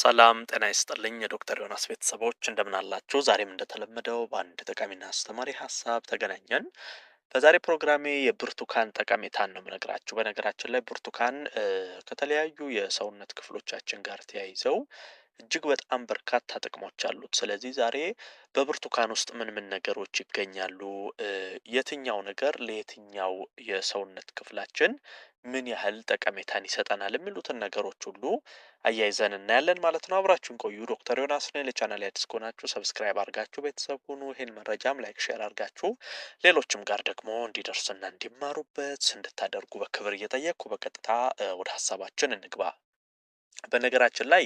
ሰላም ጤና ይስጥልኝ የዶክተር ዮናስ ቤተሰቦች እንደምናላችሁ። ዛሬም እንደተለመደው በአንድ ጠቃሚና አስተማሪ ሀሳብ ተገናኘን። በዛሬ ፕሮግራሜ የብርቱካን ጠቀሜታን ነው የምነግራችሁ። በነገራችን ላይ ብርቱካን ከተለያዩ የሰውነት ክፍሎቻችን ጋር ተያይዘው እጅግ በጣም በርካታ ጥቅሞች አሉት። ስለዚህ ዛሬ በብርቱካን ውስጥ ምን ምን ነገሮች ይገኛሉ? የትኛው ነገር ለየትኛው የሰውነት ክፍላችን ምን ያህል ጠቀሜታን ይሰጠናል? የሚሉትን ነገሮች ሁሉ አያይዘን እናያለን ማለት ነው። አብራችሁን ቆዩ። ዶክተር ዮናስ ነኝ። ለቻናል አዲስ ከሆናችሁ ሰብስክራይብ አድርጋችሁ ቤተሰብ ሁኑ። ይህን መረጃም ላይክ፣ ሼር አድርጋችሁ ሌሎችም ጋር ደግሞ እንዲደርስና እንዲማሩበት እንድታደርጉ በክብር እየጠየቅኩ በቀጥታ ወደ ሀሳባችን እንግባ። በነገራችን ላይ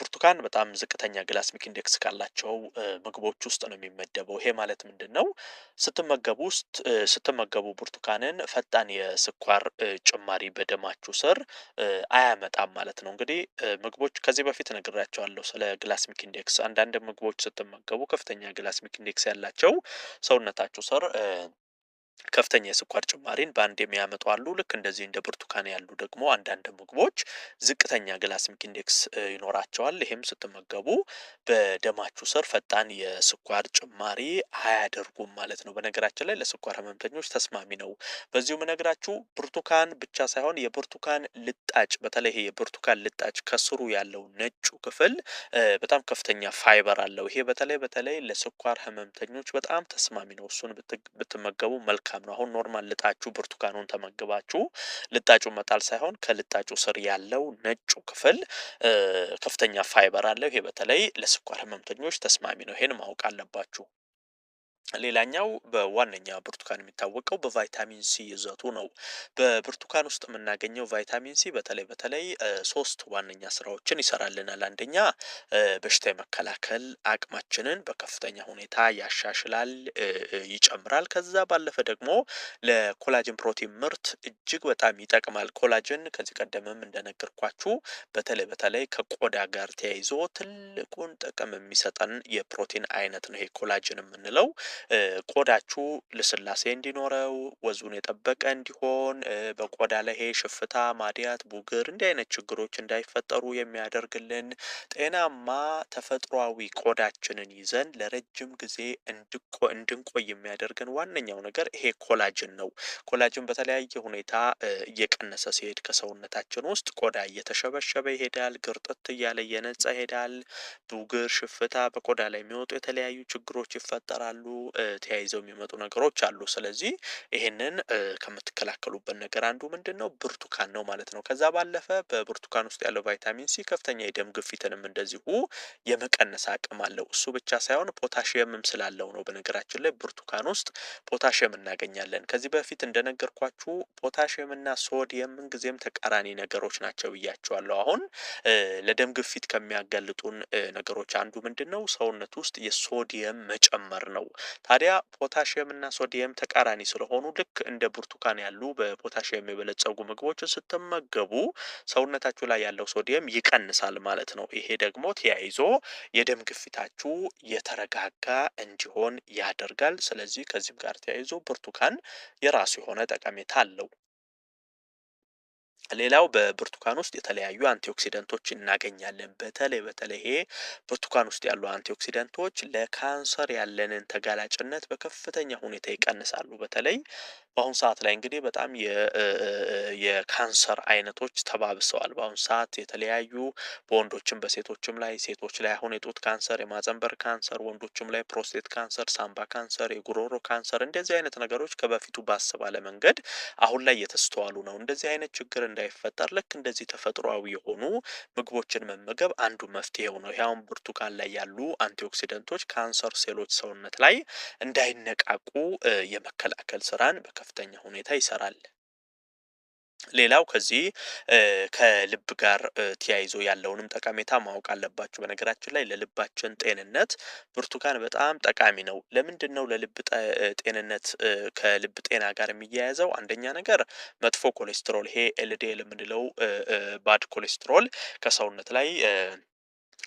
ብርቱካን በጣም ዝቅተኛ ግላስሚክ ኢንዴክስ ካላቸው ምግቦች ውስጥ ነው የሚመደበው። ይሄ ማለት ምንድን ነው? ስትመገቡ ውስጥ ስትመገቡ ብርቱካንን ፈጣን የስኳር ጭማሪ በደማችሁ ስር አያመጣም ማለት ነው። እንግዲህ ምግቦች ከዚህ በፊት ነግራቸዋለሁ ስለ ግላስሚክ ኢንዴክስ። አንዳንድ ምግቦች ስትመገቡ ከፍተኛ ግላስሚክ ኢንዴክስ ያላቸው ሰውነታችሁ ስር ከፍተኛ የስኳር ጭማሪን በአንድ የሚያመጡ አሉ። ልክ እንደዚህ እንደ ብርቱካን ያሉ ደግሞ አንዳንድ ምግቦች ዝቅተኛ ግላስሚክ ኢንዴክስ ይኖራቸዋል። ይህም ስትመገቡ በደማችሁ ስር ፈጣን የስኳር ጭማሪ አያደርጉም ማለት ነው። በነገራችን ላይ ለስኳር ህመምተኞች ተስማሚ ነው። በዚሁም በነገራችሁ ብርቱካን ብቻ ሳይሆን የብርቱካን ልጣጭ፣ በተለይ ይሄ የብርቱካን ልጣጭ ከስሩ ያለው ነጩ ክፍል በጣም ከፍተኛ ፋይበር አለው። ይሄ በተለይ በተለይ ለስኳር ህመምተኞች በጣም ተስማሚ ነው። እሱን ብትመገቡ መልካም መልካም ነው። አሁን ኖርማል ልጣችሁ ብርቱካኑን ተመግባችሁ ልጣጩ መጣል ሳይሆን ከልጣጩ ስር ያለው ነጩ ክፍል ከፍተኛ ፋይበር አለው። ይሄ በተለይ ለስኳር ህመምተኞች ተስማሚ ነው። ይሄን ማወቅ አለባችሁ። ሌላኛው በዋነኛ ብርቱካን የሚታወቀው በቫይታሚን ሲ ይዘቱ ነው። በብርቱካን ውስጥ የምናገኘው ቫይታሚን ሲ በተለይ በተለይ ሶስት ዋነኛ ስራዎችን ይሰራልናል። አንደኛ በሽታ የመከላከል አቅማችንን በከፍተኛ ሁኔታ ያሻሽላል፣ ይጨምራል። ከዛ ባለፈ ደግሞ ለኮላጅን ፕሮቲን ምርት እጅግ በጣም ይጠቅማል። ኮላጅን ከዚህ ቀደምም እንደነገርኳችሁ በተለይ በተለይ ከቆዳ ጋር ተያይዞ ትልቁን ጥቅም የሚሰጠን የፕሮቲን አይነት ነው ይሄ ኮላጅን የምንለው ቆዳችሁ ልስላሴ እንዲኖረው ወዙን የጠበቀ እንዲሆን በቆዳ ላይ ይሄ ሽፍታ፣ ማዲያት፣ ቡግር እንዲህ አይነት ችግሮች እንዳይፈጠሩ የሚያደርግልን ጤናማ ተፈጥሯዊ ቆዳችንን ይዘን ለረጅም ጊዜ እንድንቆይ የሚያደርገን ዋነኛው ነገር ይሄ ኮላጅን ነው። ኮላጅን በተለያየ ሁኔታ እየቀነሰ ሲሄድ ከሰውነታችን ውስጥ ቆዳ እየተሸበሸበ ይሄዳል። ግርጥት እያለ እየነጻ ይሄዳል። ቡግር፣ ሽፍታ፣ በቆዳ ላይ የሚወጡ የተለያዩ ችግሮች ይፈጠራሉ። ተያይዘው የሚመጡ ነገሮች አሉ። ስለዚህ ይህንን ከምትከላከሉበት ነገር አንዱ ምንድን ነው? ብርቱካን ነው ማለት ነው። ከዛ ባለፈ በብርቱካን ውስጥ ያለው ቫይታሚን ሲ ከፍተኛ የደም ግፊትንም እንደዚሁ የመቀነስ አቅም አለው። እሱ ብቻ ሳይሆን ፖታሽየምም ስላለው ነው። በነገራችን ላይ ብርቱካን ውስጥ ፖታሽየም እናገኛለን። ከዚህ በፊት እንደነገርኳችሁ ፖታሽየም እና ሶዲየም ምንጊዜም ተቃራኒ ነገሮች ናቸው ብያቸዋለሁ። አሁን ለደም ግፊት ከሚያጋልጡን ነገሮች አንዱ ምንድን ነው? ሰውነት ውስጥ የሶዲየም መጨመር ነው። ታዲያ ፖታሽየም እና ሶዲየም ተቃራኒ ስለሆኑ ልክ እንደ ብርቱካን ያሉ በፖታሽየም የበለጸጉ ምግቦችን ስትመገቡ ሰውነታችሁ ላይ ያለው ሶዲየም ይቀንሳል ማለት ነው። ይሄ ደግሞ ተያይዞ የደም ግፊታችሁ የተረጋጋ እንዲሆን ያደርጋል። ስለዚህ ከዚህም ጋር ተያይዞ ብርቱካን የራሱ የሆነ ጠቀሜታ አለው። ሌላው በብርቱካን ውስጥ የተለያዩ አንቲኦክሲደንቶች እናገኛለን። በተለይ በተለይ ይሄ ብርቱካን ውስጥ ያሉ አንቲኦክሲደንቶች ለካንሰር ያለንን ተጋላጭነት በከፍተኛ ሁኔታ ይቀንሳሉ። በተለይ በአሁኑ ሰዓት ላይ እንግዲህ በጣም የካንሰር አይነቶች ተባብሰዋል። በአሁኑ ሰዓት የተለያዩ በወንዶችም በሴቶችም ላይ ሴቶች ላይ አሁን የጡት ካንሰር፣ የማጸንበር ካንሰር፣ ወንዶችም ላይ ፕሮስቴት ካንሰር፣ ሳምባ ካንሰር፣ የጉሮሮ ካንሰር እንደዚህ አይነት ነገሮች ከበፊቱ ባሰባለ መንገድ አሁን ላይ የተስተዋሉ ነው። እንደዚህ አይነት ችግር እንዳይፈጠር ልክ እንደዚህ ተፈጥሯዊ የሆኑ ምግቦችን መመገብ አንዱ መፍትሄው ነው። ያውም ብርቱካን ላይ ያሉ አንቲኦክሲደንቶች ካንሰር ሴሎች ሰውነት ላይ እንዳይነቃቁ የመከላከል ስራን በከፍ በከፍተኛ ሁኔታ ይሰራል። ሌላው ከዚህ ከልብ ጋር ተያይዞ ያለውንም ጠቀሜታ ማወቅ አለባችሁ። በነገራችን ላይ ለልባችን ጤንነት ብርቱካን በጣም ጠቃሚ ነው። ለምንድን ነው ለልብ ጤንነት ከልብ ጤና ጋር የሚያያዘው? አንደኛ ነገር መጥፎ ኮሌስትሮል ይሄ ኤልዲኤል የምንለው ባድ ኮሌስትሮል ከሰውነት ላይ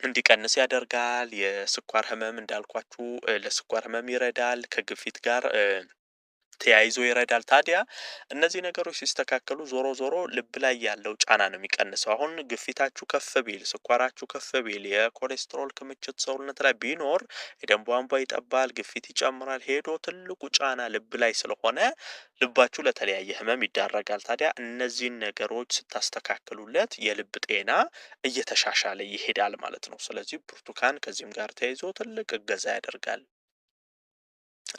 እንዲቀንስ ያደርጋል። የስኳር ህመም እንዳልኳችሁ ለስኳር ህመም ይረዳል። ከግፊት ጋር ተያይዞ ይረዳል። ታዲያ እነዚህ ነገሮች ሲስተካከሉ ዞሮ ዞሮ ልብ ላይ ያለው ጫና ነው የሚቀንሰው። አሁን ግፊታችሁ ከፍ ቢል፣ ስኳራችሁ ከፍ ቢል፣ የኮሌስትሮል ክምችት ሰውነት ላይ ቢኖር የደም ቧንቧ ይጠባል፣ ግፊት ይጨምራል። ሄዶ ትልቁ ጫና ልብ ላይ ስለሆነ ልባችሁ ለተለያየ ህመም ይዳረጋል። ታዲያ እነዚህን ነገሮች ስታስተካክሉለት የልብ ጤና እየተሻሻለ ይሄዳል ማለት ነው። ስለዚህ ብርቱካን ከዚህም ጋር ተያይዞ ትልቅ እገዛ ያደርጋል።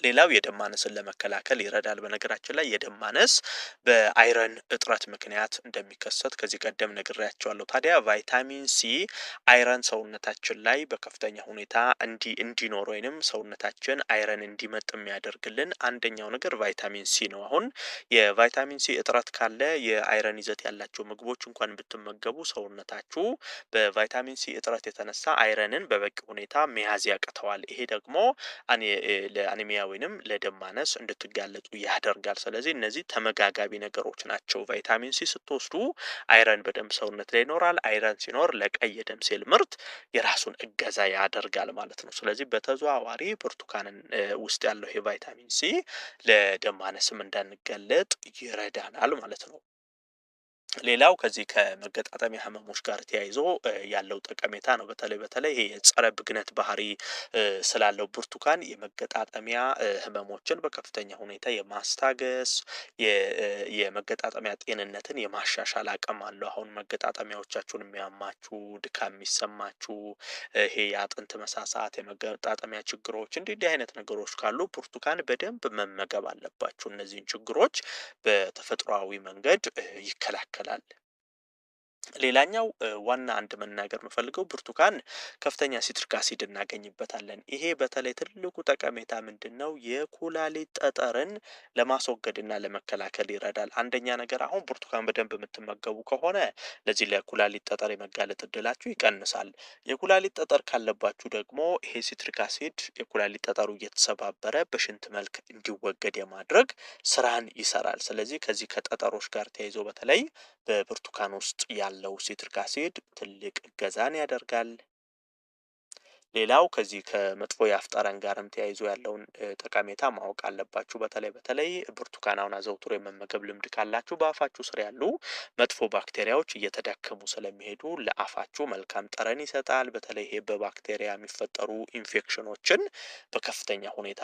ሌላው የደም ማነስን ለመከላከል ይረዳል። በነገራችን ላይ የደም ማነስ በአይረን እጥረት ምክንያት እንደሚከሰት ከዚህ ቀደም ነግሬያቸዋለሁ። ታዲያ ቫይታሚን ሲ አይረን ሰውነታችን ላይ በከፍተኛ ሁኔታ እንዲ እንዲኖር ወይንም ሰውነታችን አይረን እንዲመጥ የሚያደርግልን አንደኛው ነገር ቫይታሚን ሲ ነው። አሁን የቫይታሚን ሲ እጥረት ካለ የአይረን ይዘት ያላቸው ምግቦች እንኳን ብትመገቡ ሰውነታችሁ በቫይታሚን ሲ እጥረት የተነሳ አይረንን በበቂ ሁኔታ መያዝ ያቅተዋል። ይሄ ደግሞ ለአኒሚያ ወይንም ለደም ማነስ እንድትጋለጡ ያደርጋል። ስለዚህ እነዚህ ተመጋጋቢ ነገሮች ናቸው። ቫይታሚን ሲ ስትወስዱ አይረን በደንብ ሰውነት ላይ ይኖራል። አይረን ሲኖር ለቀይ የደም ሴል ምርት የራሱን እገዛ ያደርጋል ማለት ነው። ስለዚህ በተዘዋዋሪ ብርቱካንን ውስጥ ያለው ይሄ ቫይታሚን ሲ ለደም ማነስም እንዳንጋለጥ ይረዳናል ማለት ነው። ሌላው ከዚህ ከመገጣጠሚያ ህመሞች ጋር ተያይዞ ያለው ጠቀሜታ ነው። በተለይ በተለይ ይሄ የጸረ ብግነት ባህሪ ስላለው ብርቱካን የመገጣጠሚያ ህመሞችን በከፍተኛ ሁኔታ የማስታገስ የመገጣጠሚያ ጤንነትን የማሻሻል አቅም አለው። አሁን መገጣጠሚያዎቻችሁን የሚያማችሁ፣ ድካም የሚሰማችሁ፣ ይሄ የአጥንት መሳሳት፣ የመገጣጠሚያ ችግሮች እንዲህ እንዲህ አይነት ነገሮች ካሉ ብርቱካን በደንብ መመገብ አለባችሁ። እነዚህን ችግሮች በተፈጥሯዊ መንገድ ይከላከላል። Jalal. ሌላኛው ዋና አንድ መናገር የምፈልገው ብርቱካን ከፍተኛ ሲትሪክ አሲድ እናገኝበታለን። ይሄ በተለይ ትልቁ ጠቀሜታ ምንድን ነው? የኩላሊት ጠጠርን ለማስወገድና ለመከላከል ይረዳል። አንደኛ ነገር አሁን ብርቱካን በደንብ የምትመገቡ ከሆነ ለዚህ ለኩላሊት ጠጠር የመጋለጥ እድላችሁ ይቀንሳል። የኩላሊት ጠጠር ካለባችሁ ደግሞ ይሄ ሲትሪክ አሲድ የኩላሊት ጠጠሩ እየተሰባበረ በሽንት መልክ እንዲወገድ የማድረግ ስራን ይሰራል። ስለዚህ ከዚህ ከጠጠሮች ጋር ተያይዞ በተለይ በብርቱካን ውስጥ ያ ላለው ሴት ትልቅ እገዛን ያደርጋል። ሌላው ከዚህ ከመጥፎ የአፍ ጠረን ጋርም ተያይዞ ያለውን ጠቀሜታ ማወቅ አለባችሁ። በተለይ በተለይ ብርቱካናውን አዘውትሮ የመመገብ ልምድ ካላችሁ በአፋችሁ ስር ያሉ መጥፎ ባክቴሪያዎች እየተዳከሙ ስለሚሄዱ ለአፋችሁ መልካም ጠረን ይሰጣል። በተለይ ይሄ በባክቴሪያ የሚፈጠሩ ኢንፌክሽኖችን በከፍተኛ ሁኔታ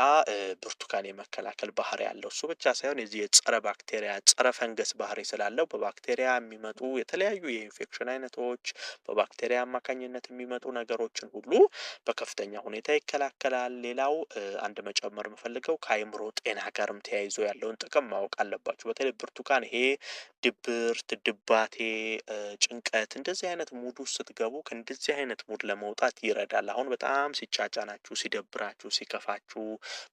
ብርቱካን የመከላከል ባህሪ ያለው እሱ ብቻ ሳይሆን የዚህ የጸረ ባክቴሪያ ጸረ ፈንገስ ባህሪ ስላለው በባክቴሪያ የሚመጡ የተለያዩ የኢንፌክሽን አይነቶች በባክቴሪያ አማካኝነት የሚመጡ ነገሮችን ሁሉ በከፍተኛ ሁኔታ ይከላከላል። ሌላው አንድ መጨመር የምፈልገው ከአይምሮ ጤና ጋርም ተያይዞ ያለውን ጥቅም ማወቅ አለባችሁ። በተለይ ብርቱካን ይሄ ድብርት፣ ድባቴ፣ ጭንቀት እንደዚህ አይነት ሙድ ውስጥ ስትገቡ ከእንደዚህ አይነት ሙድ ለመውጣት ይረዳል። አሁን በጣም ሲጫጫናችሁ፣ ሲደብራችሁ፣ ሲከፋችሁ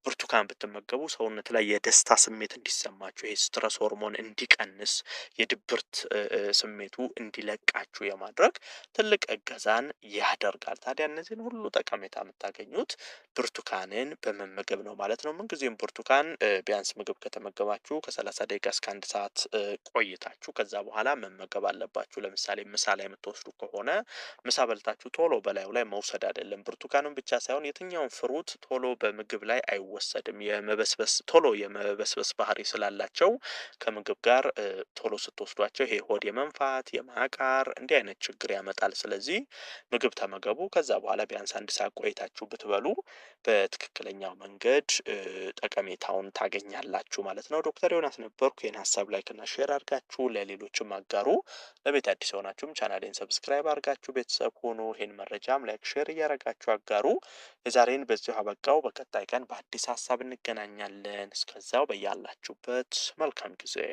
ብርቱካን ብትመገቡ ሰውነት ላይ የደስታ ስሜት እንዲሰማችሁ ይሄ ስትረስ ሆርሞን እንዲቀንስ የድብርት ስሜቱ እንዲለቃችሁ የማድረግ ትልቅ እገዛን ያደርጋል። ታዲያ እነዚህን ሁሉ ጠቀሜታ የምታገኙት ብርቱካንን በመመገብ ነው ማለት ነው። ምንጊዜም ብርቱካን ቢያንስ ምግብ ከተመገባችሁ ከሰላሳ ደቂቃ እስከ አንድ ሰዓት ቆይታችሁ ከዛ በኋላ መመገብ አለባችሁ። ለምሳሌ ምሳ ላይ የምትወስዱ ከሆነ ምሳ በልታችሁ ቶሎ በላዩ ላይ መውሰድ አይደለም። ብርቱካኑን ብቻ ሳይሆን የትኛውን ፍሩት ቶሎ በምግብ ላይ አይወሰድም። የመበስበስ ቶሎ የመበስበስ ባህሪ ስላላቸው ከምግብ ጋር ቶሎ ስትወስዷቸው ይሄ ሆድ የመንፋት የማቃር እንዲህ አይነት ችግር ያመጣል። ስለዚህ ምግብ ተመገቡ። ከዛ በኋላ ቢያንስ አንድ ሰዓት ቆይታችሁ ብትበሉ በትክክለኛው መንገድ ጠቀሜታውን ታገኛላችሁ ማለት ነው። ዶክተር ዮናስ ነበርኩ። ይህን ሀሳብ ላይክና ሼር አድርጋችሁ ለሌሎችም አጋሩ። ለቤት አዲስ የሆናችሁም ቻናሌን ሰብስክራይብ አድርጋችሁ ቤተሰብ ሆኖ ይህን መረጃም ላይክ፣ ሼር እያደረጋችሁ አጋሩ። የዛሬን በዚሁ አበቃው። በቀጣይ ቀን በአዲስ ሀሳብ እንገናኛለን። እስከዛው በያላችሁበት መልካም ጊዜ